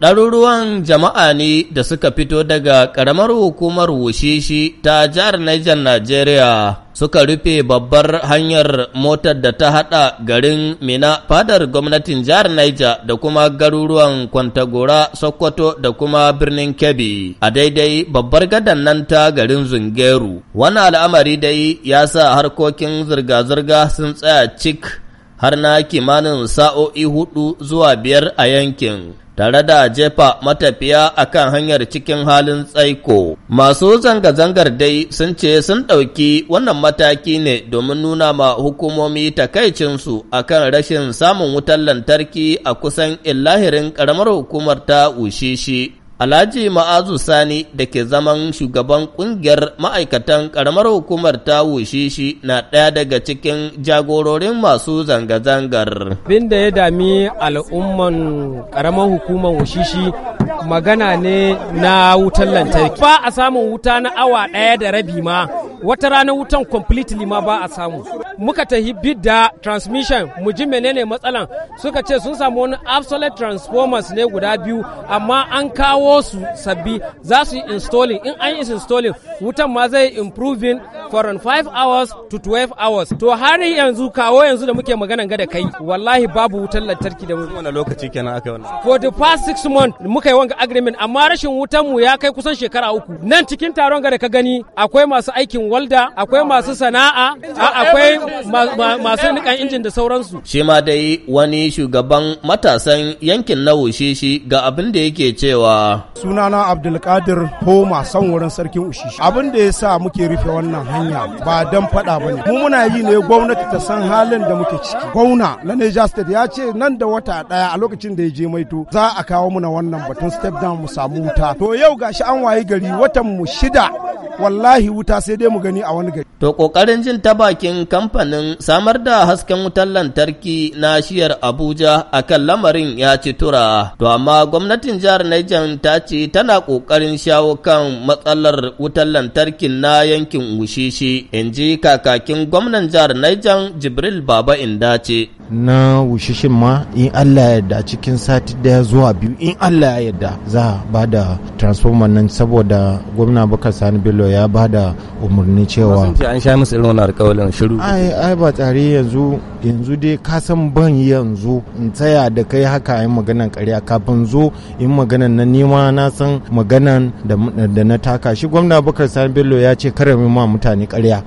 Ɗaruruwan jama'a ne da suka fito daga ƙaramar hukumar Wushishi ta jihar Niger Najeriya suka rufe babbar hanyar motar da ta haɗa garin Mina fadar gwamnatin jihar Niger da kuma garuruwan Kwantagora, Sokoto da kuma birnin Kebbi a daidai babbar gadan nan ta garin Zungeru. Wani al'amari dai ya sa harkokin zirga-zirga sun tsaya cik har na kimanin sa'o'i hudu zuwa biyar a yankin. tare da jefa matafiya a kan hanyar cikin halin tsaiko. Masu zanga-zangar dai sun ce sun ɗauki wannan mataki ne domin nuna ma hukumomi takaicinsu a kan rashin samun wutar lantarki a kusan illahirin ƙaramar hukumar ta Ushishi Alhaji Ma'azu Sani da ke zaman shugaban ƙungiyar ma'aikatan ƙaramar hukumar ta wushishi na ɗaya daga cikin jagororin masu zanga-zangar. Abin da ya dami al'umman ƙaramar hukumar wushishi magana ne na wutan lantarki. Ba a samun wuta na awa ɗaya da rabi ma wata rana wutan completely ma ba a samu muka tafi bid da transmission mu ji menene matsalan suka ce sun samu wani absolute transformers ne guda biyu amma an kawo su sabbi za su yi installing in an yi installing wutan ma zai improving from 5 hours to 12 hours to har yanzu kawo yanzu da muke magana ga da kai wallahi babu wutar lantarki da wani lokaci kenan aka wannan for the past 6 months muka yi wanga agreement amma rashin wutar mu ya kai kusan shekara uku nan cikin taron ga da ka gani akwai masu aikin walda akwai masu sana'a akwai masu nikan injin da sauransu shi ma dai wani shugaban matasan yankin na ushishi ga abin da yake cewa sunana abdulkadir homa son wurin sarkin ushishi abin da ya sa muke rufe wannan hanya hanya ba don faɗa ba ne mu muna yi ne gwamnati ta san halin da muke ciki gwamna na Niger State ya ce nan da wata ɗaya a lokacin da ya je maito za a kawo muna wannan batun step down mu samu wuta to yau gashi an wayi gari watan mu shida wallahi wuta sai dai mu gani a wani gari. To kokarin jin ta bakin kamfanin samar da hasken wutar lantarki na shiyar Abuja a kan lamarin ya ci tura. To amma gwamnatin jihar Niger ta ce tana kokarin shawo kan matsalar wutar lantarkin na yankin Wushishi, in ji kakakin gwamnan jihar Niger Jibril Baba Indace. na wushishin ma in allah ya yarda cikin sati daya zuwa biyu in allah ya yarda za a ba da transformer nan saboda gwamna bakar sani bello ya ba da umarni cewa an sha musu irin wannan alƙawalin shiru ai ai ba tsari yanzu yanzu dai ka san ban yanzu in tsaya da kai haka yin maganan karya kafin zo in maganan na nima na san maganan da na taka shi gwamna bakar sani bello ya ce karamin ma mutane karya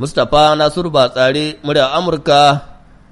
mustapha nasiru ba tsari murya amurka